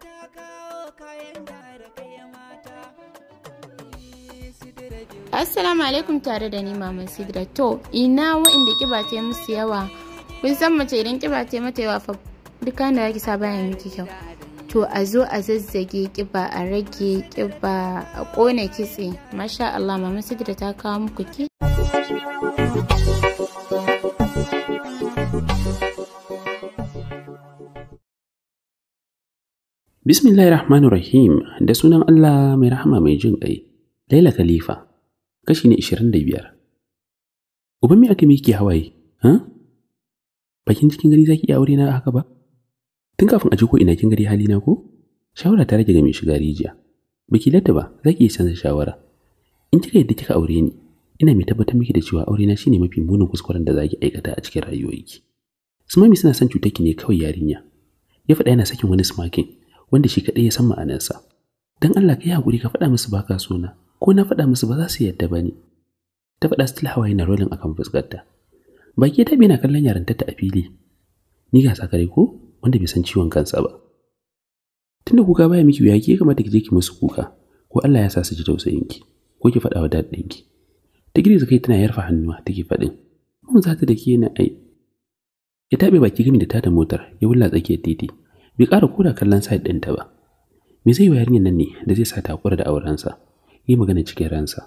ta kawo Assalamu alaikum tare da ni Maman Sidra to ina wa'inda kiba ta musu yawa kun san mace idan kiba ta mata yawa fa duka da ya sa bayan miki kyau to a zo a zazzage kiba a rage kiba a kone kitse masha Allah Maman Sidra ta kawo muku ki Bismillahir Rahmanir Rahim da sunan Allah mai rahama mai jin ƙai. Laila Khalifa kashi ne 25. Uban me aka miki hawaye? Ha? Bakin cikin gari zaki iya aure na haka ba? Tun kafin a ji ko ina kin gari halina ko? Shawara ta rage ga mai shiga rijiya. Baki ladda ba, zaki iya canza shawara. In kika yadda kika aure ni, ina mai tabbatar miki da cewa aure na shine mafi munin kuskuren da zaki aikata a cikin rayuwarki. Sumami suna son cutarki ne kawai yarinya. Ya faɗa yana sakin wani smakin. wanda shi kaɗai ya san ma'anarsa. Don Allah ka yi haƙuri ka faɗa musu ba ka suna, ko na faɗa musu ba za su yadda ba ne. Ta faɗa still hawaye na rolin akan fuskarta. Baki ta na kallon yarantarta a fili. Ni ga sakare ko wanda bai san ciwon kansa ba. Tunda kuka baya miki wuya ke kamata ki je ki musu kuka, ko Allah ya sa su ji ki, ko ki faɗa wa ki? Ta su kai tana yarfa hannuwa take faɗin. Mun za ta da ke na ai. Ya taɓe baki gami da tada motar, ya wulla tsakiyar titi, bai ƙara koda kallon side ɗinta ba me zai wa yarinyar nan ne da zai sa ta kura da aurensa yi magana cikin ransa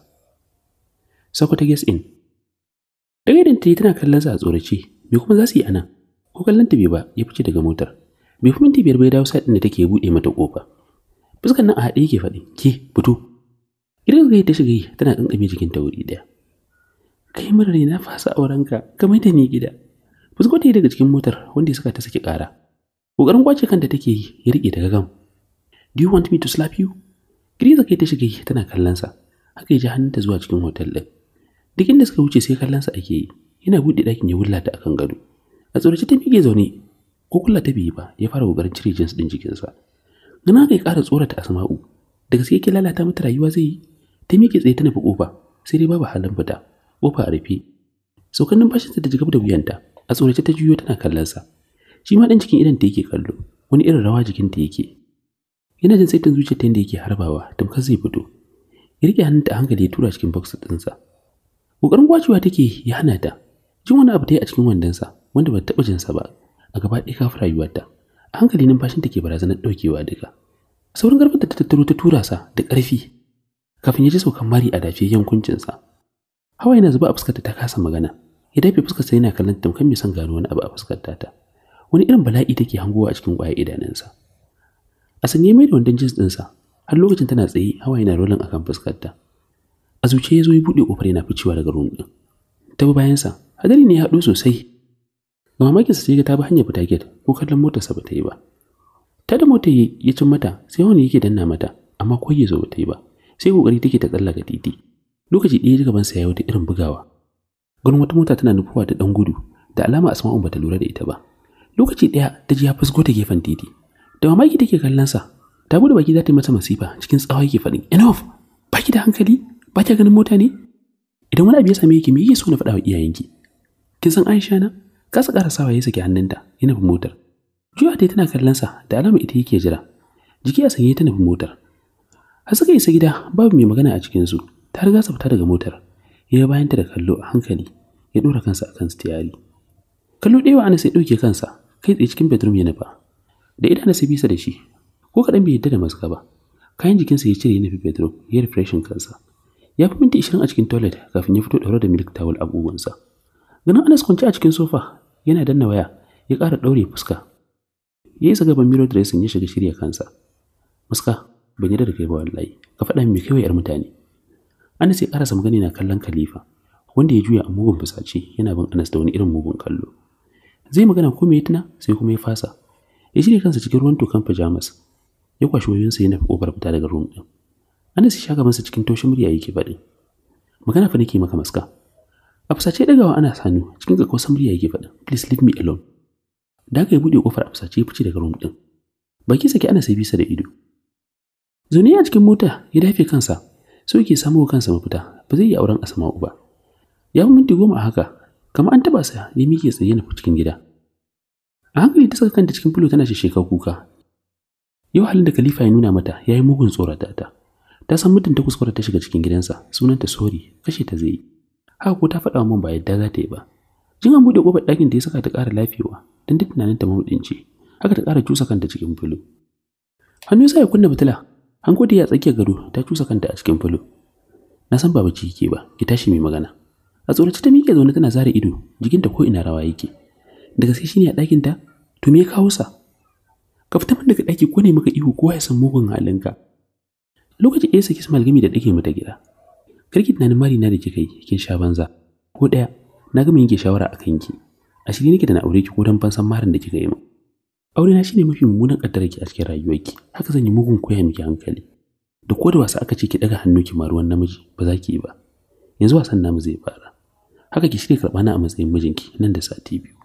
sako ta guess in daga idan tana kallon sa a tsorace me kuma za su yi anan ko kallon ta bai ba ya fice daga motar bai kuma minti biyar bai dawo side ɗin da take buɗe mata kofa fuskar nan a haɗe yake faɗi ke fito idan zai ta shiga yi tana jikin ta wuri ɗaya kai mara na fasa aurenka ka ta ni gida fuskar ta yi daga cikin motar wanda ya saka ta saki ƙara Ƙoƙarin kwace kanta take yi ya riƙe daga gam. Do you want me to slap you? Girgiza kai ta shiga yi tana kallonsa. Haka ya ji hannunta zuwa cikin hotel ɗin. Duk inda suka wuce sai kallonsa ake yi. Yana buɗe ɗakin ya wulla ta akan gado. A tsorace ta miƙe zaune. Ko kulla ta bi ba ya fara ƙoƙarin cire jins ɗin jikinsa. Gana kai ƙara tsorata Asma'u. Da gaske yake lalata mata rayuwa zai yi. Ta mike tsaye tana nufi ƙofa. Sai dai babu halin fita. Ƙofa a rufe. Saukan numfashinsa da jigab da wuyanta. A tsorace ta juyo tana kallonsa. shi ma ɗan cikin idan ta yake kallo wani irin rawa jikin ta yake yana jin saitin zuciyar ta yake harbawa tamkar zai fito ya rike ta a hankali ya tura cikin boks ɗinsa ƙoƙarin kwacewa take ya hana ta jin wani abu ta yi a cikin wandonsa wanda bata ta taɓa jinsa ba a gaba ɗaya kafin rayuwarta a hankali ta ke barazanar ɗaukewa duka saurin ƙarfinta ta tattaro ta tura sa da ƙarfi kafin ya ji saukan mari a dafe yankuncinsa hawa yana zuba a fuskarta ta kasa magana ya dafe fuskarsa yana kallon tamkar mai son gano wani abu a fuskar ta wani irin bala'i take hangowa a cikin ƙwayar idanunsa a sanye mai da wandon jins ɗinsa har lokacin tana tsaye hawa yana rolin akan fuskarta a zuciya ya zo ya buɗe ƙofar yana ficewa daga rum ɗin ta bi bayansa hadari ne ya haɗu sosai ga mamakinsa sai ga ta bi hanyar fita gate ko kallon motar sa bata yi ba ta da motar ya cin mata sai wani yake danna mata amma ko ya zo ba ta yi ba sai kokari take ta tsallaka titi lokaci ɗaya ji gabansa ya yi wata irin bugawa gurin wata mota tana nufuwa da ɗan gudu da alama asma'u bata lura da ita ba lokaci ɗaya ta ji ya fusgo ta gefen titi da mamaki take kallon sa ta bude baki za ta yi masa masifa cikin tsawon yake faɗin enough ba ki da hankali ba ki ganin mota ne idan wani abu ya same ki me yake so na faɗa wa iyayenki kin san Aisha na kasa sawa ya saki hannunta ya nufi motar juya ta tana kallon sa da alama ita yake jira jiki a sanye ta nufi motar har suka isa gida babu mai magana a cikin cikinsu ta riga sa fita daga motar ya yi bayanta da kallo a hankali ya ɗora kansa a kan sitiyari kallo ɗaya ana ya ɗauke kansa kai tsaye cikin bedroom ya nufa da idanun sa bisa da shi ko kaɗan bai yadda da maska ba kayan jikinsa ya cire ya nufi bedroom ya refreshin kansa ya fi minti ishirin a cikin toilet kafin ya fito ɗaure da milk towel a ganin anas kwance a cikin sofa yana danna waya ya ƙara ɗaure fuska ya isa gaban mirror dressing ya shiga shirya kansa maska ban yarda da kai ba wallahi ka faɗa min me kai yar mutane anas ya ƙarasa magana na kallon khalifa wanda ya juya a mugun fusace yana bin anas da wani irin mugun kallo zai magana ko me tuna sai kuma ya fasa ya shirya kansa cikin ruwan tokan pajamas ya kwashi wayoyinsa yana kofar fita daga room din ana sai shaga masa cikin toshin murya yake faɗi magana fa nake maka maska a fusace dagawa ana sanu cikin kosan murya yake faɗi please leave me alone da aka yi buɗe kofar a fusace ya fice daga room din baki sake ana sai bisa da ido zuniya a cikin mota ya dafe kansa so yake wa kansa mafita ba zai yi auren asama'u ba ya fi minti goma a haka kamar an taba sa ya miki tsaye na cikin gida a hankali ta saka kanta cikin filo tana shi shekar kuka yau halin da khalifa ya nuna mata ya yi mugun tsorata ta ta san mutum ta kuskura ta shiga cikin gidansa sunanta sori kashe ta zai haka ko ta faɗa min ba yadda za ta yi ba jin an buɗe ƙofar ɗakin da ya saka ta ƙara lafiyawa don duk tunanin ta mamuɗin haka ta ƙara cusa kanta cikin filo hannu sa ya kunna fitila hanko da ya tsakiyar gado ta cusa kanta a cikin filo na san ba bacci yake ba ki tashi mai magana a tsorace ta miƙe zaune tana zare ido jikinta ko ina rawa yake da gaske shine a ɗakin ta to me ya kawo sa ka fita min daga ɗaki ko ne maka ihu ko ya san mugun halinka lokaci da yasa kisma gami da ɗake mu ta gida karki tunanin mari na da kika yi kin sha banza ko ɗaya na gama yanke shawara a ki a shirye nake da na aure ki ko dan fansan marin da kika yi min aure na shine mafi mummunan ki a cikin rayuwarki haka zan yi mugun koya miki hankali da ko da wasa aka ce ki daga hannu ki ma namiji ba za ki yi ba yanzu wasan namu zai fara haka ki shirya karɓa na a matsayin mijinki nan da sati biyu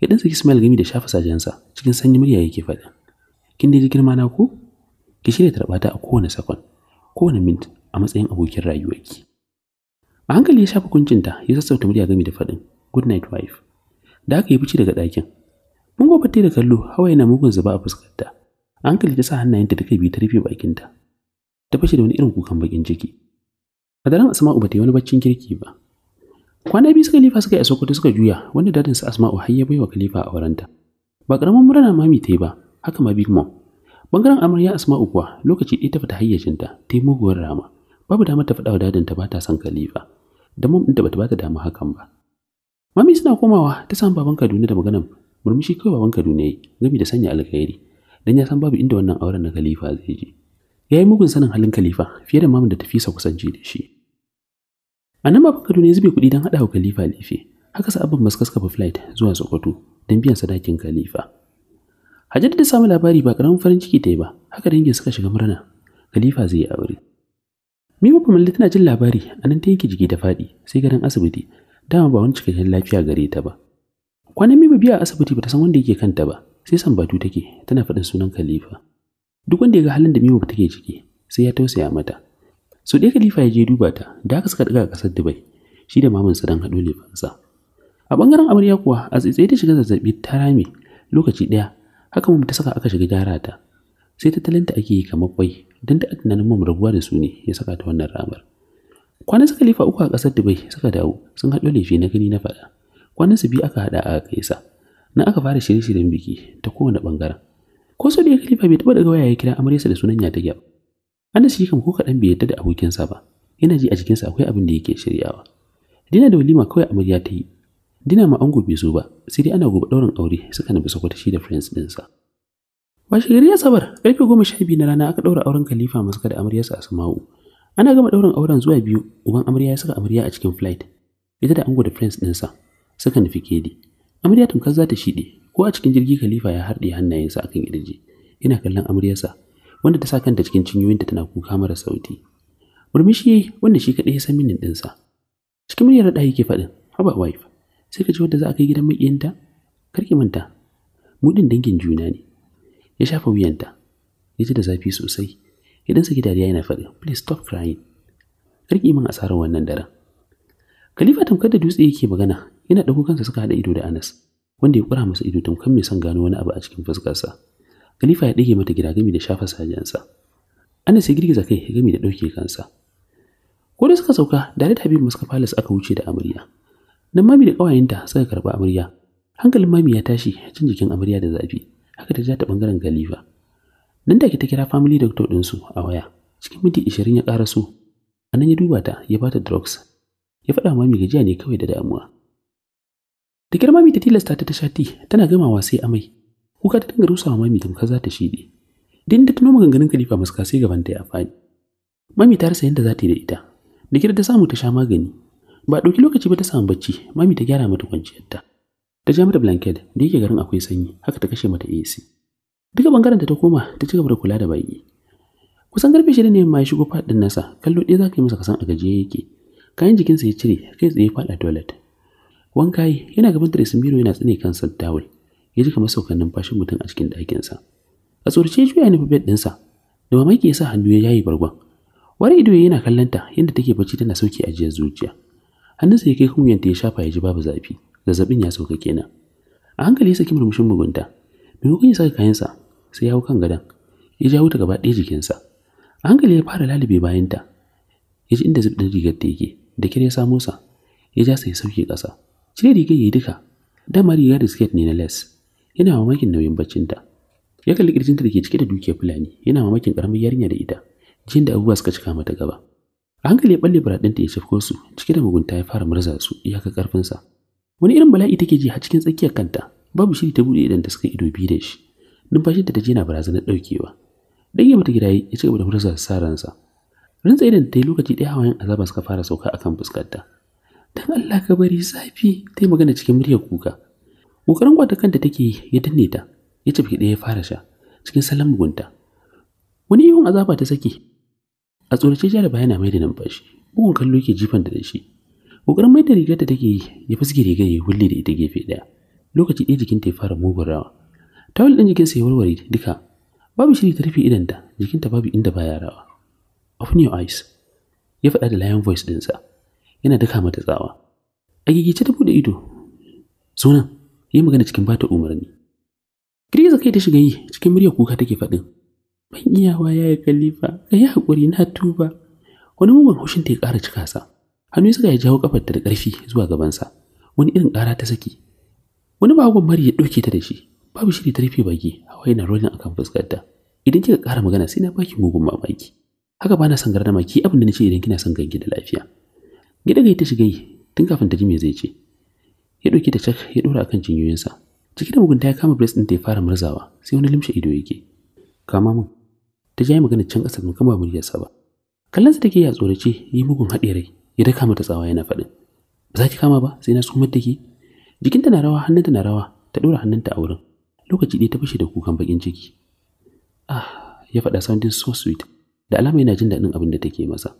ya ɗansa Isma'il gami da shafa sajensa cikin sanyi murya yake faɗa kin ji girma na ko ki shirya karɓa ta a kowane sakon kowane mint a matsayin abokin rayuwarki a hankali ya shafa ta ya sassauta murya gami da faɗin good night wife da aka yi fice daga ɗakin mun gobatte da kallo hawa yana mugun zuba a fuskarta a hankali ta sa hannayenta duka biyu ta rufe bakinta ta fashe da wani irin kukan bakin ciki a daren asama'u ba ta yi wani baccin kirki ba kwana biyu suka lifa suka yi a sokoto suka juya wanda dadin su asma'u har ya baiwa khalifa a aurenta ba karamin murna mami ta yi ba haka ma big mom bangaren amarya asma'u kuwa lokaci ɗaya ta fita hayyacinta ta yi muguwar rama babu damar ta faɗa wa ta ba ta son khalifa da mom ɗinta bata bata damu hakan ba mami suna komawa ta samu baban kaduna da maganan murmushi kawai baban kaduna yi gami da sanya alkhairi dan ya san babu inda wannan auren na khalifa zai je ya yi mugun sanin halin khalifa fiye da mamin da ta fisa kusanci da shi a nan kaduna ya zube kuɗi don haɗa wa khalifa lefe haka sa abin basu kaskafa flight zuwa sokoto don biyan sadakin khalifa hajjata da samu labari ba karamin farin ciki ta yi ba haka dangin suka shiga murna khalifa zai yi aure ba Famalli tana jin labari a nan ta yanke jiki da faɗi sai garin asibiti dama ba wani cikakken lafiya gare ta ba. Kwanan Mima biya a asibiti bata san wanda yake kanta ba sai sambatu take tana faɗin sunan Khalifa. Duk wanda ya ga halin da Mima take ciki sai ya tausaya mata so ɗaya khalifa ya je duba ta da aka suka ɗaga ƙasar dubai shi da mamansa don ne lefansa a ɓangaren amarya kuwa a tsaitsaye ta shiga zazzaɓi ta rami lokaci ɗaya haka mu ta saka aka shiga gyara ta sai tattalinta ake yi kamar kwai don ta tunanin mum rabuwa da su ne ya saka ta wannan ramar kwanan su khalifa uku a ƙasar dubai suka dawo sun haɗu lefe na gani na faɗa kwanan su biyu aka haɗa a kaisa na aka fara shirye-shiryen biki ta kowane ɓangaren ko sau da ya khalifa bai taɓa daga waya ya kira amaryarsa da sunan ya ta gyaba Anas shi kam ko kaɗan bai yadda da abokinsa ba, yana ji a jikinsa akwai abin da yake shiryawa. Dina da walima kawai amarya ta yi, dina ma ango bai zo ba, sai dai ana gobe ɗaurin aure suka nufi sakwata shi da friends ɗinsa. Washe gari ya sabar, ƙarfe goma sha biyu na rana aka daura auren Khalifa Maska da amaryarsa samawu. Ana gama ɗaurin auren zuwa biyu, uban amarya ya saka amarya a cikin flight. Ita da ango da friends ɗinsa suka nufi kedi. Amarya tamkar za ta shiɗe, ko a cikin jirgi kalifa ya harɗe hannayensa akan ƙirji. Yana kallon amaryarsa wanda ta sa kanta cikin cinyoyinta tana kuka mara sauti murmushi wanda shi kaɗai ya san minin ɗinsa cikin muryar ɗaya yake faɗin haba wife sai ka ce wanda za a kai gidan maƙiyinta karki manta mu ɗin dangin juna ne ya shafa wuyanta ya ji da zafi sosai idan saki dariya yana faɗin please stop crying karki min asarar wannan daren Khalifa tamkar da dutse yake magana yana ɗauko kansa suka haɗa ido da Anas wanda ya ƙura masa ido tamkar mai son gano wani abu a cikin fuskarsa. Khalifa ya ɗage mata gida gami da shafa sajansa. Anas ya girgiza kai gami da ɗauke kansa. Ko da suka sauka, da da Habibu Muska Palace aka wuce da amarya. Nan mami da ƙawayenta suka karɓi amarya. Hankalin mami ya tashi cin jikin amarya da zafi, haka ta ja ta ɓangaren Khalifa. Nan take ta kira family doctor su a waya. Cikin minti ishirin ya ƙara su, anan ya duba ta ya bata drugs. Ya faɗa mami gajiya ne kawai da damuwa. Da girma mami ta tilasta ta tashati tana gamawa sai amai. kuka ta dinga rusawa mami tamkar za ta shiɗe din da tuno maganganun kalifa maska sai gaban ta ya faɗi mami ta rasa yadda za ta yi da ita da kira ta samu ta sha magani ba ɗauki lokaci ba ta samu bacci mami ta gyara mata kwanciyarta ta ja mata blanket da yake garin akwai sanyi haka ta kashe mata AC duka bangaren ta koma ta ci gaba da kula da baki kusan karfe shida ne ma ya shigo faɗin nasa kallo ɗaya za ka yi masa kasan a gajiye yake kayan jikinsa ya cire kai tsaye faɗa toilet wanka yi yana gaban da biro yana tsine kansa tawul ya ji kamar saukan numfashin mutum a cikin ɗakinsa. A tsorace ya juya nufi bed ɗinsa, da mamaki ya sa hannu ya yayi bargon. Wani ido ya yana kallon ta yadda take bacci tana sauki ajiyar zuciya. Hannunsa ya kai kunyanta ya shafa ya ji babu zafi, zazzabin ya sauka kenan. A hankali ya saki murmushin mugunta, maimakon ya saka kayansa sai ya hau kan gadon, ya jawo ta gaba ɗaya jikinsa. A hankali ya fara lalube bayanta, ya ji inda zub ɗin rigar ta yake, da kira ya samo sa, ya ja sa ya sauke ƙasa. Cire rigar ya yi duka, dama rigar da siket ne na les, yana mamakin nauyin baccinta ya kalli kirjinta da ke cike da dukiya fulani yana mamakin karamin yarinya da ita jin da abubuwa suka cika mata gaba a hankali ya balle baradinta ya shafko su cike da mugunta ya fara murza su iyaka karfinsa wani irin bala'i take ji har cikin tsakiyar kanta babu shiri ta buɗe idan ta suka ido biyu da shi numfashinta ta je na barazanar ɗaukewa dage mata gida ya ci gaba da murza sa ransa rantsa idan ta yi lokaci ɗaya hawayen azaba suka fara sauka akan fuskarta dan Allah ka bari zafi ta yi magana cikin muryar kuka kokarin kwata kanta take yi ya danne ta ya cifki ɗaya ya fara sha cikin salon mugunta wani ihun azaba ta saki a tsorace jaraba yana mai da numfashi bugun kallo ke jifan da shi kokarin mai da rigar ta take yi ya fuske rigar ya hulle da ita gefe ɗaya lokaci ɗaya jikinta ya fara mugun rawa tawul ɗin jikinsa ya warware duka babu shiri ta rufe idanta jikinta babu inda baya rawa open your eyes ya faɗa da layan voice ɗinsa yana daka mata tsawa a gigice ta buɗe ido sunan yi magana cikin bata umarni girgiza kai ta shiga yi cikin murya kuka take faɗin ban iyawa ya yi khalifa ka yi haƙuri na tuba wani mugun haushin ta ya ƙara cika sa hannu suka ya jawo kafarta da ƙarfi zuwa gabansa wani irin ƙara ta saki wani bagon mari ya ɗauke ta da shi babu shiri ta rufe baki hawa yana rolin akan fuskarta idan kika ƙara magana sai na baki mugun mamaki haka bana son gardama ki abin da nace idan kina son gangi da lafiya gida gai ta shiga yi tun kafin ta ji me zai ce ya ɗauki da cak ya ɗora akan jinyoyinsa. ciki da mugunta ya kama din ta ya fara murzawa sai wani limshe ido yake kama mun ta ja magana can ƙasa kan kama muryarsa ba kallonsa take ya tsorace yi mugun haɗe rai ya daka mata tsawa yana faɗin ba za ki kama ba sai na tsumar da ki jikinta na rawa hannunta na rawa ta ɗora hannunta a wurin lokaci ɗaya ta fashe da kukan bakin ciki ah ya faɗa sounding so sweet da alama yana jin daɗin abin da take masa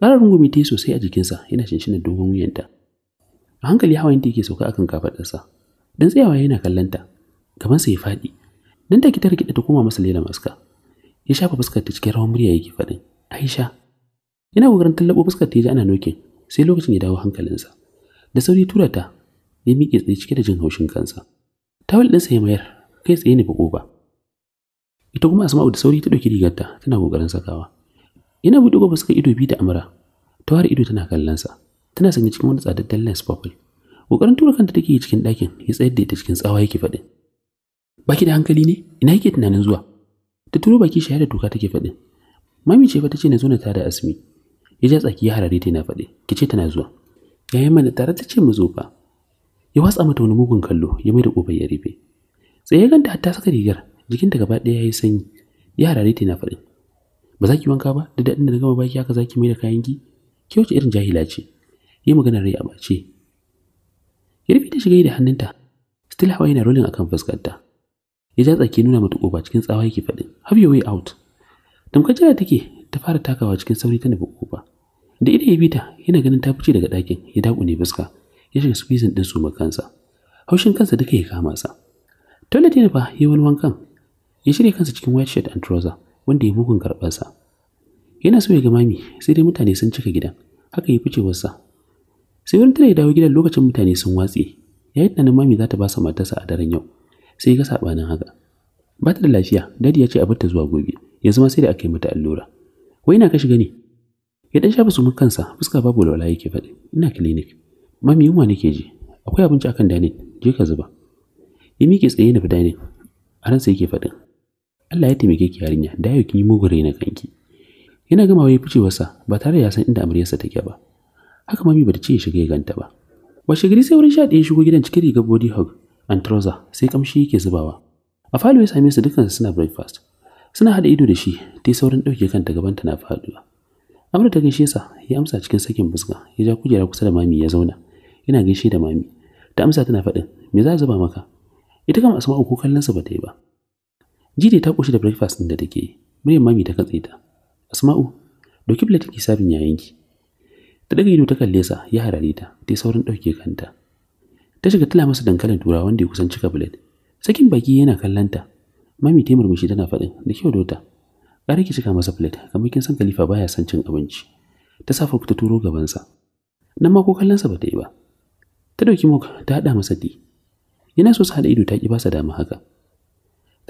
ƙarar rungumi ta yi sosai a jikinsa yana shinshinar dogon wuyanta a hankali hawayenta yake sauka akan kafaɗarsa dan tsayawa yana kallanta gaban sai ya faɗi dan take ta rikida ta koma masa lela maska ya shafa fuskar ta cikin rawan murya yake faɗin Aisha yana kokarin tallabo fuskar ta ji ana nokin sai lokacin ya dawo hankalinsa da sauri tura ta ya miƙe tsaye cike da jin haushin kansa tawul sa ya mayar kai tsaye ne bako ita kuma asma'u da sauri ta ɗauki rigarta tana kokarin sakawa yana buɗe gaba suka ido biyu da amara ta ido tana sa tana sanya cikin wani tsadaddan lens purple kokarin tura kanta take yi cikin ɗakin ya tsayar da ita cikin tsawa yake faɗin baki da hankali ne ina yake tunanin zuwa ta turo baki shaye da toka take faɗin mami ce fa ta ce na zo na tada asmi ya ja tsaki ya harare ta yana faɗi ki ce tana zuwa yayin mana tare ta ce mu zo fa ya watsa mata wani mugun kallo ya mai da kofar ya rufe tsaye ganta hatta saka rigar jikinta gaba ɗaya ya yi sanyi ya harare ta yana faɗin ba za ki wanka ba da daɗin da na gama baki haka za ki mai da kayan ki ke wace irin jahila ce yi maganar rai a bace ya rufe ta shiga da hannunta still hawa yana rolling akan fuskarta ya ja tsaki nuna mata cikin tsawa yake faɗin have your way out tamkar jira take ta fara takawa cikin sauri ta nufi kofa da ido ya bi ta yana ganin ta fice daga ɗakin ya dakune fuska ya shiga squeezing ɗin su kansa haushin kansa duka ya kama sa toilet yana fa yi wani wankan ya shirya kansa cikin white shirt and trouser wanda ya mugun karɓarsa yana so ya ga mami sai dai mutane sun cika gidan haka ya fice wasa sai wani tare dawo gidan lokacin mutane sun watse ya yi tunanin mami za ta ba sa matarsa a daren yau sai ga sabanin haka ba ta da lafiya dadi ya ce a ta zuwa gobe yanzu ma sai da aka yi mata allura wai ina ka gani ya dan shafa kansa fuska babu walwala yake faɗi ina clinic mami yunwa nake ji akwai abinci akan dining je ka zuba ya miƙe tsaye na dining a ransa yake faɗin Allah ya taimake ki yarinya da yau kin yi mugun raina kanki yana gama wai ficewarsa ba tare da ya san inda amaryarsa take ba haka mami bata ce ya shiga ya ganta ba washe gari sai wurin sha ɗaya shigo gidan cikin rigar body hug and trouser sai kamshi yake zubawa a falo ya same su su suna breakfast suna haɗa ido da shi ta saurin ɗauke kanta gabanta na faɗuwa amurka ta gaishe sa ya amsa cikin sakin fuska ya ja kujera kusa da mami ya zauna yana gaishe da mami ta amsa tana faɗin me za a zuba maka ita kama asma'u ko kallon sa ta yi ba jide ta koshi da breakfast ɗin da take yi muryar mami ta katse ta asma'u doki plate ki sabin yayanki ta daga ido ta kalle sa ya harare ta ta saurin ɗauke kanta ta shiga tila masa dankalin turawa wanda ya kusan cika bullet sakin baki yana kallanta mami ta murmushi tana faɗin da kyau dota ƙara ki cika masa plate kamar kin san khalifa baya son cin abinci ta sa farko ta turo gabansa nan ma ko kallonsa ba ta yi ba ta ɗauki mok ta haɗa masa ti yana so sa haɗa ido ta ki basa dama haka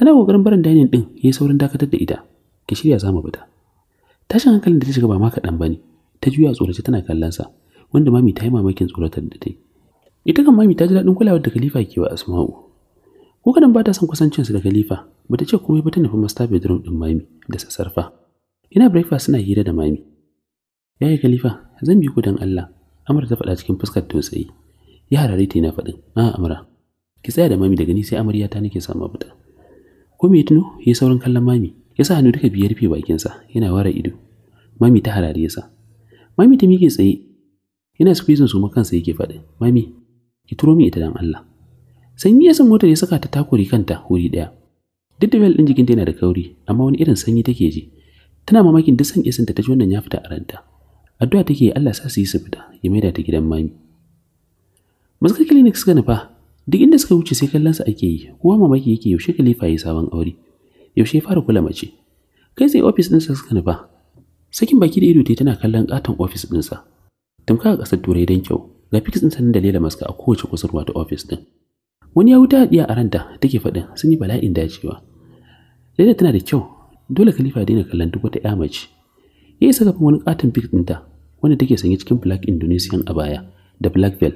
tana kokarin barin dining ɗin ya yi saurin dakatar da ita ki shirya za mu fita tashin hankalin da ta shiga ba ma kaɗan ba ne ta juya tsorace tana kallon sa wanda mami ta yi mamakin tsoratar da ta ita kan mami ta ji daɗin kulawar da khalifa ke wa asma'u ko kadan ba ta son su da khalifa ba ta ce komai ba ta nufi master bedroom ɗin mami da sassarfa ina breakfast suna hira da mami yayi khalifa zan bi ku dan Allah amara ta faɗa cikin fuskar tausayi ya harare ta na faɗin a ah, amara ki tsaya da mami daga ni sai amarya ta nake samu fita ko me tuno yi saurin kallon mami ya sa hannu duka biyar rufe bakinsa yana ware ido mami ta harare sa Mami ta miƙe tsaye. Yana squeezing su kansa yake faɗi. Mami, ki turo min ita dan Allah. Sanyi ya san motar ya saka ta takuri kanta wuri ɗaya. Duk da bel ɗin jikinta yana da kauri, amma wani irin sanyi take ji. Tana mamakin duk san isinta ta ji wannan ya fita a ranta. Addu'a take yi Allah sa su yi su fita, ya maida ta gidan mami. Masu clinic suka nufa, duk inda suka wuce sai kallon ake yi kowa mamaki yake yaushe khalifa ya sabon aure yaushe ya fara kula mace kai sai ofis din sa suka nufa sakin baki da ido ta tana kallon katon ofis ɗinsa tumka a kasar turai don kyau ga fix ɗin sanin da lela maska a kowace kusurwa ta ofis ɗin wani ya wuta diya a ranta take faɗin sun yi bala'in dacewa lela tana da kyau dole khalifa daina kallon duk wata ya mace ya isa wani katon fix ɗinta wanda take sanye cikin black indonesian abaya da black veil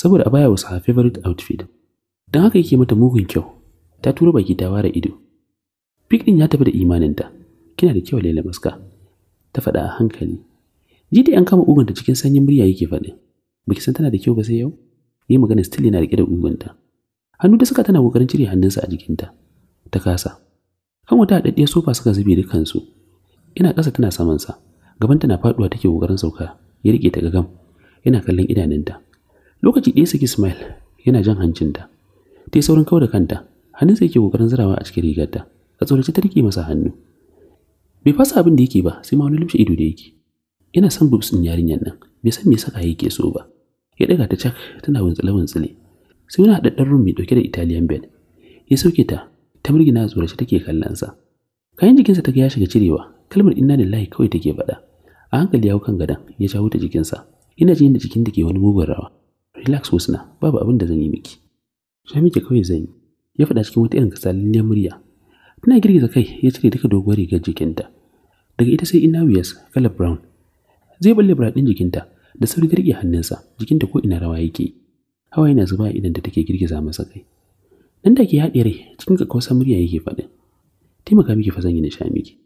saboda abaya wasu her favorite outfit don haka yake mata mugun kyau ta turo baki ta ware ido fik ɗin ya tafi da imaninta kina da kyau lela maska ta faɗa a hankali ji da yan kama ugunta cikin sanyin murya yake faɗi. baki san tana da kyau ba sai yau yi magana still yana riƙe da ugunta hannu da suka tana ƙoƙarin cire hannunsa a jikinta ta kasa kan wata haɗaɗɗiyar sofa suka zube dukansu ina ƙasa tana saman sa. gaban tana faɗuwa take ƙoƙarin sauka ya riƙe ta gagam yana kallon idanunta lokaci ɗaya saki smile yana jan hancinta ta yi saurin kawar da kanta hannunsa yake ƙoƙarin zarawa a cikin rigarta a tsorace ta riƙe masa hannu bai fasa abin da yake ba sai ma wani lumshe ido da yake ina son boobs din yarinyar nan bai san me saka yake so ba ya daga ta cak tana wuntsile wuntsile sai wani haɗaɗɗen rum mai ɗauke da italian bed ya sauke ta ta murgina tsorace take kallon sa kayan jikinsa ta ga ya shiga cirewa kalmar inna lillahi kawai take faɗa a hankali ya hau kan gadon ya jawo ta jikinsa ina jin da jikin da ke wani mugun rawa relax husna babu abin da zan yi miki sha miki kawai zan yi ya faɗa cikin wata irin kasalin murya Tana girgiza kai ya cire duka doguwar rigar jikinta. Daga ita sai ina wuyas, kalar brown. Zai balle bura ɗin jikinta da sauri ta hannunsa, jikinta ko ina rawa yake. Hawa yana zuba idan da take girgiza masa kai. Nan da ke haɗe rai cikin kakkausar murya yake faɗin. Taimaka miki fa zan yi nisha miki.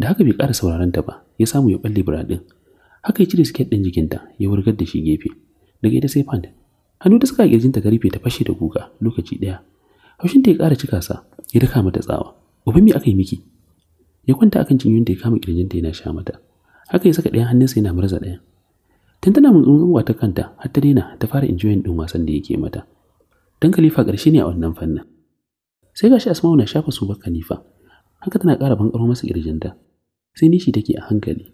Da haka bai ƙara sauraron ta ba, ya samu ya balle bura ɗin. Haka ya cire siket ɗin jikinta, ya wurgar da shi gefe. Daga ita sai fan. Hannu ta saka kirjinta ta rufe ta fashe da guga lokaci ɗaya. Haushin ta ya ƙara cika sa, ya daka mata tsawa. uban me aka yi miki ya kwanta akan cinyoyin da ya kama kirjinta yana sha mata haka ya saka ɗayan hannunsa yana murza ɗayan tun tana mutsunwa ta kanta har ta daina ta fara injiyoyin ɗin wasan da yake mata dan khalifa ƙarshe ne a wannan fannin sai gashi asma'u na shafa su khalifa haka tana ƙara bankaro masa kirjinta sai nishi take a hankali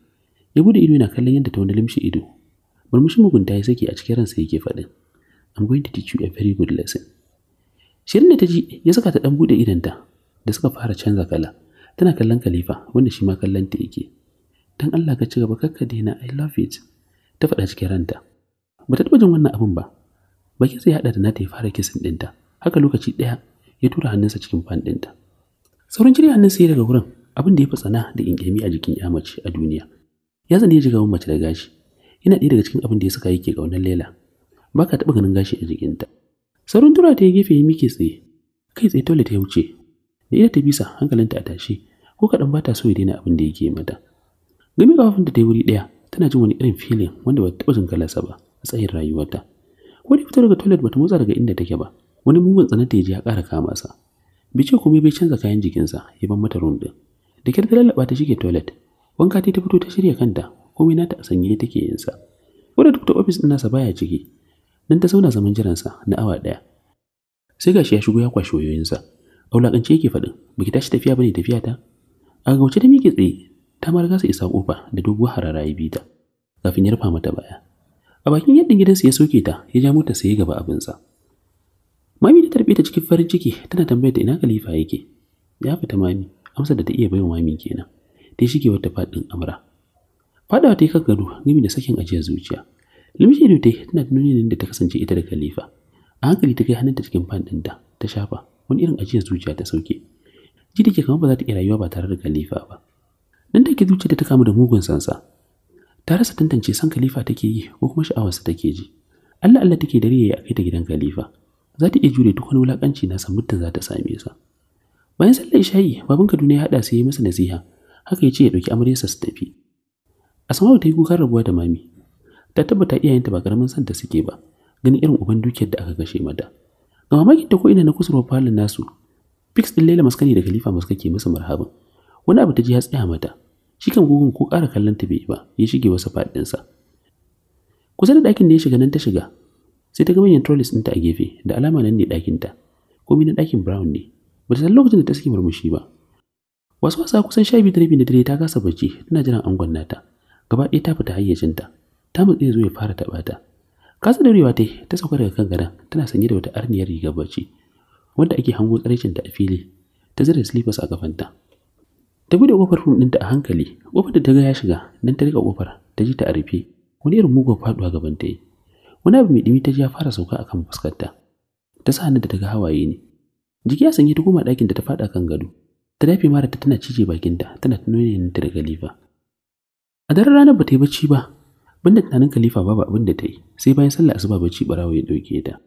ya bude ido yana kallon yadda ta wani limshi ido murmushin mugunta ya sake a cikin ransa yake faɗin I'm going to teach you a very good lesson. Shirin da ta ji ya saka ta ɗan buɗe idanta da suka fara canza kala tana kallon khalifa wanda shi ma kallon ta yake dan Allah ka ci gaba kakka daina i love it ta faɗa cikin ranta ba ta taɓa jin wannan abin ba bakin sai haɗa da nata ya fara kisan ɗinta haka lokaci ɗaya ya tura hannunsa cikin fan ɗinta saurin jiri hannunsa ya daga wurin abin da ya fatsana da ƙinƙimi a jikin ya mace a duniya ya zane ya jigawa mace da gashi yana ɗaya daga cikin abin da ya saka yake ga wannan lela ba ka taɓa ganin gashi a jikinta Saurin tura ta ya gefe ya mike tsaye kai tsaye tole ya wuce da ita ta bisa hankalinta a tashi ko kaɗan ba ta so ya daina abin da yake mata gami kafafun da ta yi wuri ɗaya tana jin wani irin filin wanda ba ta taɓa jin kalarsa ba a tsayin rayuwarta ko da fita daga toilet bata ta motsa daga inda take ba wani mugun tsananta ya ji ya ƙara kama sa bice kuma bai canza kayan jikinsa ya ban mata rum da kyar ta lallaɓa ta shige toilet wanka ta fito ta shirya kanta komai nata a sanye take yin sa wanda duk ta ofis ɗin nasa baya ciki nan ta zauna zaman jiransa na awa ɗaya sai gashi ya shigo ya kwashe wayoyinsa a wulaƙance yake faɗin ba ki tashi tafiya ba ne tafiya ta a gauce ta miƙe tsaye ta ma riga su isa ƙofa da doguwar harara ya bi ta kafin ya rufa mata baya a bakin yadda gidansu ya soke ta ya ja mota sai gaba abinsa mami ta tarbe ta cikin farin ciki tana tambayar ta ina kalifa yake ya fita mami Amsa da ta iya baiwa mami kenan ta shige wata faɗin amra faɗawa ta yi kaggado gami da sakin ajiyar zuciya limshi da tana tunanin da ta kasance ita da kalifa a hankali ta kai hannunta cikin fan ta, ta shafa wani irin ajiyar zuciya ta sauke ji take kamar ba za ta iya rayuwa ba tare da kalifa ba nan take zuciya ta kama da mugun sansa ta rasa tantance san khalifa take yi ko kuma sha'awarsa take ji Allah Allah take dare a kai ta gidan khalifa za ta iya jure duk wani wulakanci na san mutum za ta same sa bayan sallar shayi baban Kaduna ya hada sai ya masa nasiha haka ya ce ya dauki amaryarsa su tafi Asma'u ta yi kukan rabuwa da mami ta tabbata iyayenta ba karamin santa suke ba ganin irin uban dukiyar da aka kashe mata ga mamakin ta ko'ina na kusurwa falon nasu fix din laila maskani da khalifa masu ke masa marhaban wani abu ta ji ya tsaya mata shi kan gugun ko ƙara kallon ta bai ba ya shige wasu faɗinsa kusa da ɗakin da ya shiga nan ta shiga sai ta ga manyan trolleys ɗinta a gefe da alama nan ne ta komai na ɗakin brown ne ba ta san lokacin da ta saki murmushi ba wasu wasa kusan sha biyu da rabi da dare ta kasa bacci tana jiran angon nata gaba ɗaya ta fita hayyacinta ta matsi zo ya fara taɓa ta kasa daurewa ta ta sauka daga kan gadon tana sanye da wata arniyar riga bacci wanda ake hango tsaraicin ta a fili ta zira slippers a kafanta ta bude kofar room ɗinta a hankali kofar da ta ga ya shiga dan ta rika kofar ta ji ta a rufe wani irin mugun faduwa gaban ta yi wani abu mai ɗumi ta ji ya fara sauka akan fuskarta ta sa da ta ga hawaye ne jiki ya sanye ta koma ɗakin da ta faɗa kan gado ta dafe mara ta tana cije bakinta tana tunanin ta daga liva a daren ranar ba ta yi bacci ba Bin da tunanin Khalifa babu abin da ta yi, sai bayan sallah asuba bacci barawo ya ɗauke ta.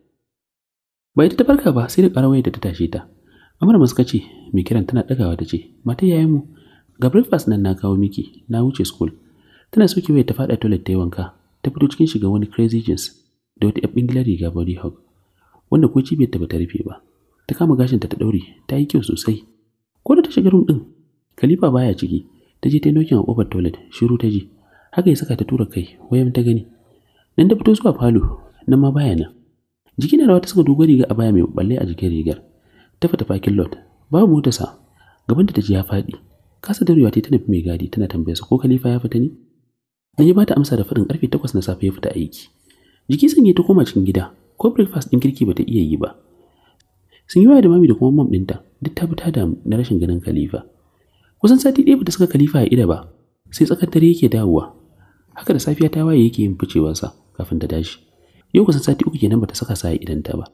Ba ita ta farka ba sai da ƙarawar da ta tashe ta. amara Maska ce, mai kiran tana ɗagawa ta ce, mata yayin mu, ga breakfast nan na kawo miki, na wuce school. Tana soke waya ta faɗa toilet ta yi wanka, ta fito cikin shiga wani crazy jeans da wata ƴaɓɓin gila riga body hug, wanda ko cibiyar ta bata rufe ba. Ta kama gashinta ta ɗaure, ta yi kyau sosai. Ko da ta shiga room ɗin, Khalifa baya ciki, ta je ta yi nokin a ƙofar toilet, shiru ta ji. haka ya saka ta tura kai wayan ta gani nan da fito zuwa falo nan ma baya nan jiki na rawa ta saka dogon riga a baya mai balle a jikin rigar ta fata fakin lot babu motarsa gaban da ta ji ya faɗi kasa daurewa ta nufi mai gadi tana tambayarsa ko khalifa ya fita ne dan ya bata amsa da faɗin karfe takwas na safe ya fita aiki jiki sanye ta koma cikin gida ko breakfast din kirki bata iya yi ba sun yi waya da mami da kuma mam ɗinta duk ta fita ta damu na rashin ganin khalifa kusan sati ɗaya bata saka khalifa a ida ba sai tsakar dare yake dawowa haka da safiya ta waye yake yin ficewarsa kafin ta tashi yau kusan sati uku kenan bata saka sa idan ta ba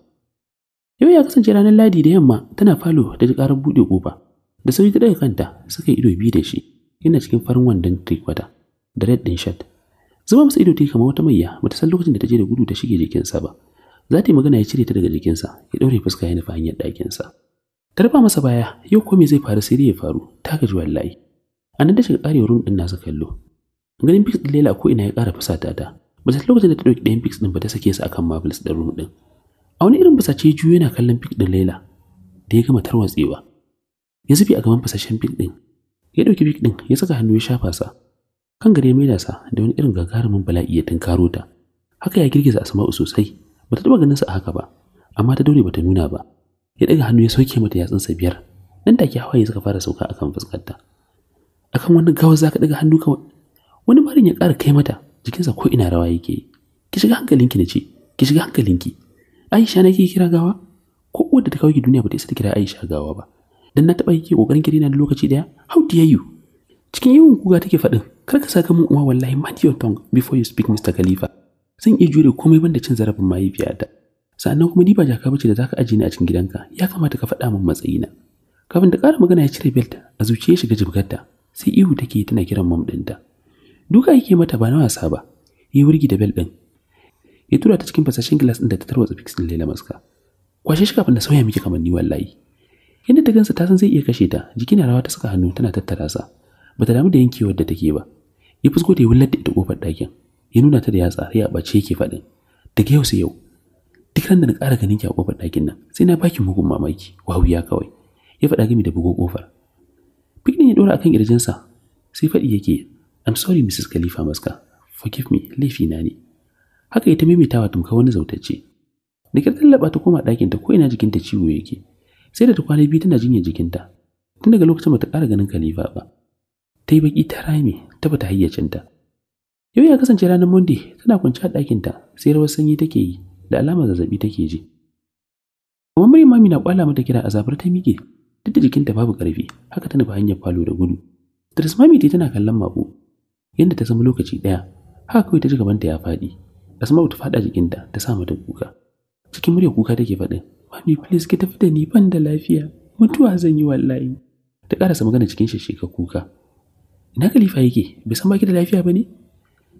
yau ya kasance ranar ladi da yamma tana falo da karar buɗe kofa da sauki ta daga kanta suka yi ido biyu da shi yana cikin farin wandon trikwata da red din shirt zuba masa ido ta kamar wata mayya bata san lokacin da ta je da gudu ta shige jikinsa ba za ta yi magana ya cire ta daga jikinsa ya ɗaure fuska ya nufa hanyar ɗakinsa ta rufa masa baya yau ko me zai faru sai dai ya faru ta gaji wallahi a nan da shiga ƙarewar rum din nasa kallo ganin fix din lela ko ina ya kara fasata ta ba ta lokacin da ta ɗauki ɗayan fix din ba ta sake su akan marbles din room din. a wani irin fasace ya yana kallon fix din Laila da ya gama tarwatsewa ya zube a gaban fasashen fix din. ya ɗauki fix din ya saka hannu ya shafa sa kan gare mai sa da wani irin gagarumin bala'i ya tunkaro ta haka ya girgiza Asma'u sosai ba ta taba ganin sa a haka ba amma ta daure ba ta nuna ba ya daga hannu ya sauke mata yatsun sa biyar nan take hawaye suka fara sauka akan fuskarta akan wannan gawar zaka daga hannu kawai wani marin ya ƙara kai mata jikinsa ko ina rawa yake yi? ki shiga hankalinki na ce ki shiga hankalinki Aisha na ke kira gawa ko uwar da ta kawo ki duniya ba isa ta kira Aisha gawa ba dan na taɓa yake ƙoƙarin kirina da lokaci daya how dare you cikin yawan kuga take faɗin kar ka saka min uwa wallahi mind your tongue before you speak Mr. Khalifa zan iya jure komai banda cin zarafin mahaifiyata sannan kuma ni ba jaka bace da zaka ajiye ni a cikin gidanka ya kamata ka faɗa min matsayina kafin ta ƙara magana ya cire belt a zuciya shiga jibgarta sai ihu take tana kiran mom ɗinta duka yake mata ba na wasa ba ya wurgi da bel din ya tura ta cikin fasashen gilas din da ta tarwatsa fix din lela Maska kwashe shi kafin da sauya miki kamar ni wallahi yadda ta gansa ta san zai iya kashe ta jiki na rawa ta saka hannu tana tattara sa bata damu da yankewar da take ba ya fusko da ya wullar da ita kofar ɗakin ya nuna ta da yatsa a bace yake faɗin daga yau sai yau duk ran na kara ganin ki a kofar ɗakin nan sai na baki mugun mamaki wa ya kawai ya faɗa gami da bugo kofar Fikin ya dora akan kirjinsa sai faɗi yake I'm sorry Mrs. Khalifa Maska, forgive me, laifi na ne. Haka ita maimaitawa tamka wani zautacce. Da kyar tallaba ta koma ɗakinta ko ina jikinta ciwo yake. Sai da ta kwana biyu tana jinya jikinta. Tun daga lokacin bata ƙara ganin Khalifa ba. Ta yi baki ta rami, ta bata hayyacinta. Yau ya kasance ranar Monday tana kwanci a ɗakinta sai rawar sanyi take yi da alamar zazzaɓi take ji. Kamar Maryam mami na kwala mata kira a zafar ta miƙe duk da jikinta babu ƙarfi haka tana ba hanyar falo da gudu. dai tana kallon mako. yadda ta zama lokaci ɗaya haka kawai ta ji gabanta ya faɗi asma'u ta faɗa jikinta ta sa mata kuka cikin murya kuka take faɗin mami please ki tafi da ni ban da lafiya mutuwa zan yi wallahi ta karasa magana cikin shishika kuka ina khalifa yake bai san baki da lafiya ne?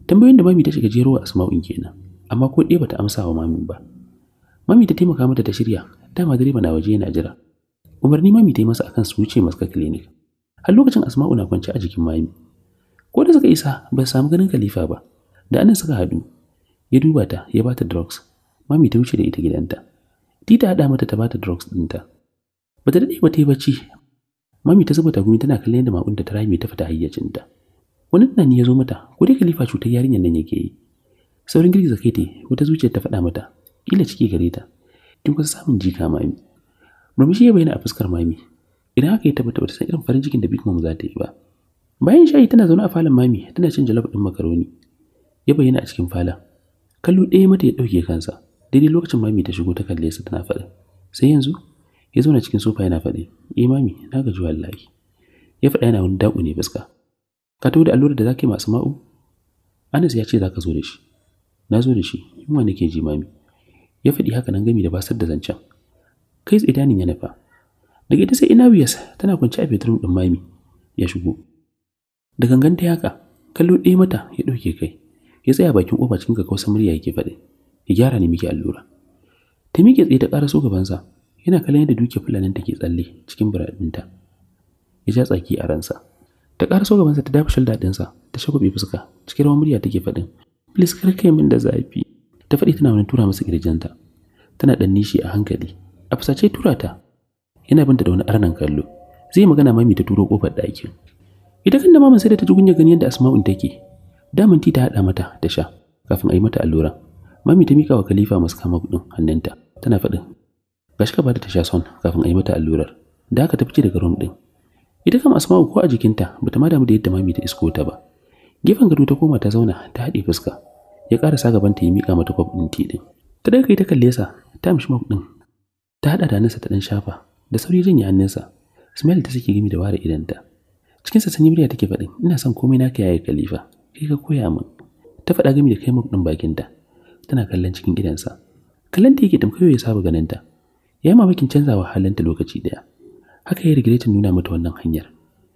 tambayoyin da mami ta shiga jerowa asma'un kenan amma ko ɗaya bata amsa wa mami ba mami ta taimaka mata ta shirya dama direba na waje yana jira umarni mami ta yi masa akan su wuce maska clinic har lokacin asma'u na kwance a jikin mami ko da suka isa ban samu ganin khalifa ba da anan suka haɗu ya duba ta ya bata drugs mami ta wuce da ita gidanta tita hada mata ta bata drugs dinta. bata daɗe ba ta yi bacci mami ta zuba gumi tana kallon yadda maƙun da ta rami ta fita hayyacinta wani tunani ya zo mata ko dai khalifa cutar yarinyar nan yake yi saurin girgiza kai ta wata zuciyar ta fada mata kila ciki gare ta kin kusa samun jika mami murmushi ya bayyana a fuskar mami idan haka ya tabbata ba ta san irin farin cikin da big mu za ta yi ba bayan shayi tana zaune a falon mami tana cin jalof ɗin makaroni ya bayyana a cikin falon kallo ɗaya mata ya ɗauke kansa daidai lokacin mami ta shigo ta kalle sa tana faɗi sai yanzu ya zauna cikin sofa yana faɗi eh mami na gaji wallahi ya faɗa yana wani daƙo ne fuska ka taho da allurar da za ka yi masu ma'u anas ya ce za ka zo da shi na zo da shi yunwa nake ji mami ya faɗi haka nan gami da basar da zancen kai danin ya nafa daga ita sai ina wiyas tana kwance a fetur ɗin mami ya shigo da gangan ta yaka kallo ɗaya mata ya ɗauke kai ya tsaya bakin ƙofa cikin kakkausar murya yake faɗi ya gyara ne miki allura ta miƙe tsaye ta ƙaraso gabansa yana kallon yadda duke fulanin take tsalle cikin buraɗinta ya ja tsaki a ransa ta ƙaraso sa ta dafa shulda sa, ta shagwabe fuska cikin rawar murya take faɗin please kar kai min da zafi ta faɗi tana wani tura masa ƙirjinta tana ɗan nishi a hankali a fusace tura ta yana binta da wani arnan kallo zai magana mami ta turo ƙofar ɗakin ita kan da mama sai da ta tukunya ganin yadda asma'u take daman ti ta hada mata ta sha kafin a yi mata allura mami ta mika wa khalifa masu kama kudin hannunta tana faɗin gashi ka bada ta sha son kafin a yi mata allurar da aka ta fice daga rum ɗin ita kan asma'u ko a jikinta bata ma damu da yadda mami ta isko ta ba gefen gado ta koma ta zauna ta haɗe fuska ya ƙarasa gaban ta yi mika mata kwaf ɗin ti ɗin ta ɗaga kai ta kalle sa ta amshi maf ɗin ta haɗa da nasa ta ɗan shafa da sauri janye hannunsa smile ta suke gami da ware idanta cikin sassan murya take faɗi ina son komai naka yayi kalifa. kai ka koya min ta faɗa gami da kai mu ɗin bakinta tana kallon cikin gidansa kallon da yake tamkayo ya saba ganinta ya yi mamakin canzawa halinta lokaci daya haka ya rigire ta nuna mata wannan hanyar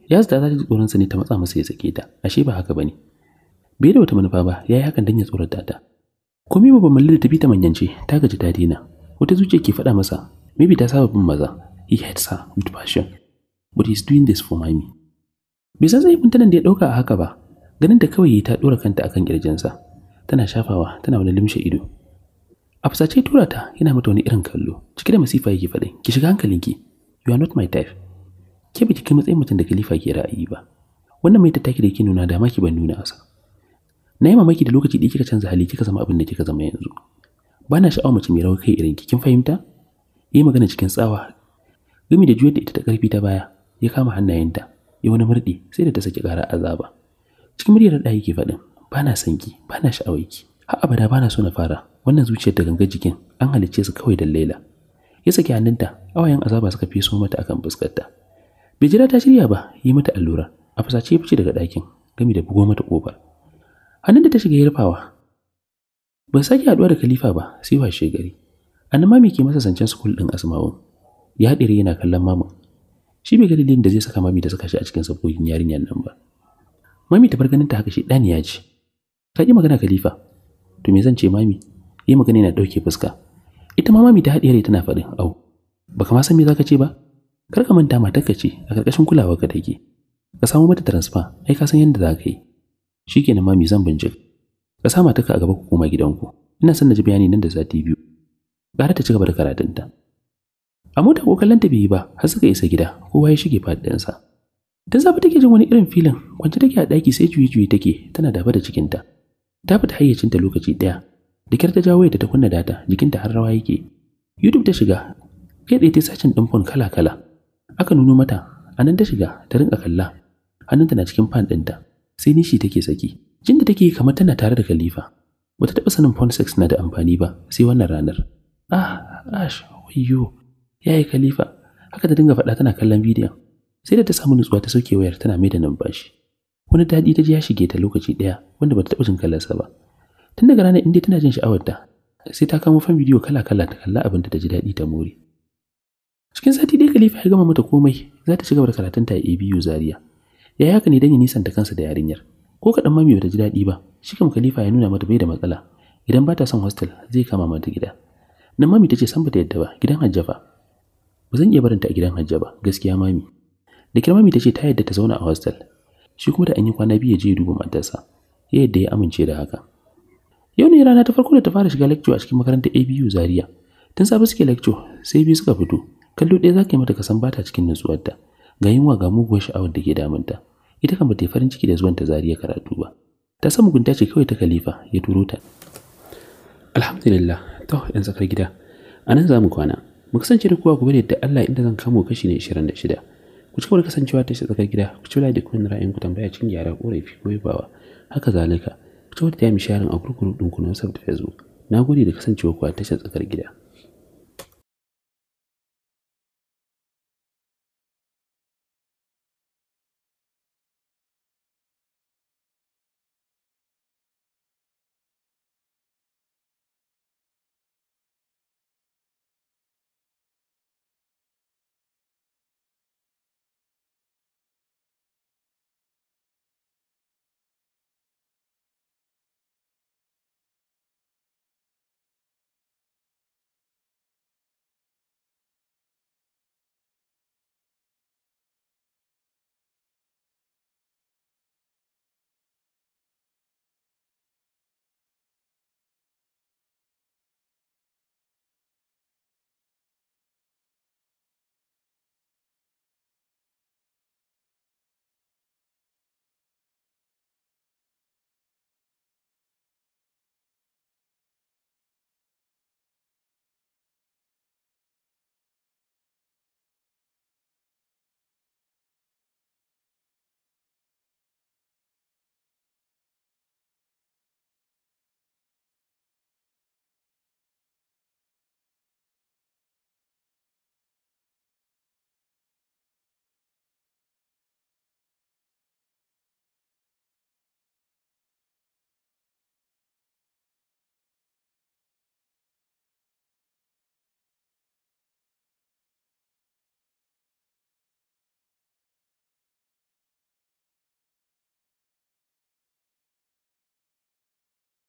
ya zata za ta ji sa ne ta matsa masa ya sake ta ashe ba haka bane bai da wata manufa ba ya yi hakan don ya tsorata ta komai ba mallin da tafi ta manyance ta gaji ta daina wata zuciya ke faɗa masa maybe ta saba bin maza he hates her with passion but he's doing this for mommy bai san zai tanan da ya ɗauka a haka ba ganin da kawai ta ɗora kanta akan ƙirjinsa tana shafawa tana wani limshe ido a fusace tura ta yana mata wani irin kallo cike da masifa yake faɗin ki shiga hankalinki you are not my type ke ba ki kai matsayin mutum da kalifa ke ra'ayi ba wannan mai tattaki da ke nuna da ki ban nuna asa na yi mamaki da lokaci da kika canza hali kika zama abin da kika zama yanzu ba na sha'awar mace mai rawar kai irin ki. kin fahimta yi magana cikin tsawa gami da juyar da ita ta karfi ta baya ya kama hannayenta ya wani murɗi sai da ta saki ƙara azaba cikin muryar da yake faɗin ba na son ki ba na sha'awarki har abada ba na so na fara wannan zuciyar da ganga jikin an halicce su kawai da laila ya saki hannunta awayen azaba suka fi so mata akan fuskarta bai jira ta shirya ba yi mata allura a fasace ya fice daga dakin, gami da bugo mata ƙofar hannun da ta shiga ya Ba ban sake haɗuwa da kalifa ba sai washe gari annama me ke masa zancen sukul ɗin asma'un ya haɗire yana kallon mamun shi bai ga dalilin da zai saka mami ta saka shi a cikin sabgogin yarinyar nan ba mami ta ganin ta haka shi ya ce Ka yi magana khalifa to me zan ce mami yi magana yana ɗauke fuska ita ma mami ta haɗiye rai tana faɗin au baka ma san me zaka ce ba kar ka manta ka ce a karkashin kulawa ka take ka samu mata transfer ai ka san yadda za ka yi shikenan mami zan bincika ka sa matarka a gaba ku koma gidanku ina son na ji bayani nan da sati biyu gara ta ci gaba da karatunta a mota ko kallon ta bai ba har suka isa gida kowa ya shige faɗinsa ta zafi take jin wani irin filin kwance take a ɗaki sai juyi-juyi take tana dafa da cikinta ta fita hayyacinta lokaci ɗaya da kyar ta jawo ta ta kunna data jikinta har rawa yake youtube ta shiga kai ɗaya ta sacin ɗin fon kala-kala aka nuno mata a nan ta shiga ta rinka kalla hannunta na cikin fan ɗinta sai nishi take saki jin da take kamar tana tare da khalifa bata taɓa sanin phone sex na da amfani ba sai wannan ranar ah ash wayyo ya yi khalifa haka ta dinga faɗa tana kallon bidiyon sai da ta samu nutsuwa ta sauke wayar tana mai da numfashi wani daɗi ta ji ya shige ta lokaci ɗaya wanda bata taɓa jin kallonsa ba tun daga ranar inda tana jin sha'awar ta sai ta kama fan bidiyo kala kala ta kalla abin da ta ji daɗi ta more cikin sati ɗaya, khalifa ya gama mata komai za ta ci gaba da ta a abu zaria ya haka ne dan ya nisanta kansa da yarinyar ko kaɗan mami bata ji daɗi ba shi kam khalifa ya nuna mata bai da matsala idan ba ta son hostel zai kama mata gida nan mami ta ce san bata yadda ba gidan hajjafa ba zan iya barinta a gidan hajja ba gaskiya mami da kira mami ta ce ta yadda ta zauna a hostel shi kuma da an yi kwana biyu ya je ya duba matarsa ya yadda ya amince da haka yau ne rana ta farko da ta fara shiga lecture a cikin makarantar abu zaria tun safe suke lecture sai biyu suka fito kallo ɗaya zaka ka yi mata kasan bata cikin ta ga yunwa ga muguwar sha'awar da ke ta. ita kan bata yi farin ciki da zuwan ta zariya karatu ba ta san mugunta ce kawai ta khalifa ya turo ta alhamdulillah to yan tsakar gida a nan za kwana mu kasance da kowa gobe da Allah inda zan kamo kashi ne 26 ku ci gaba da kasancewa ta shi tsakar gida ku ci da kun ra'ayin ku tambaya cin gyara korafi ko yabawa haka zalika ku ci da ya mi a gurgurun ɗinku na WhatsApp da Facebook na gode da kasancewa ku a tashar tsakar gida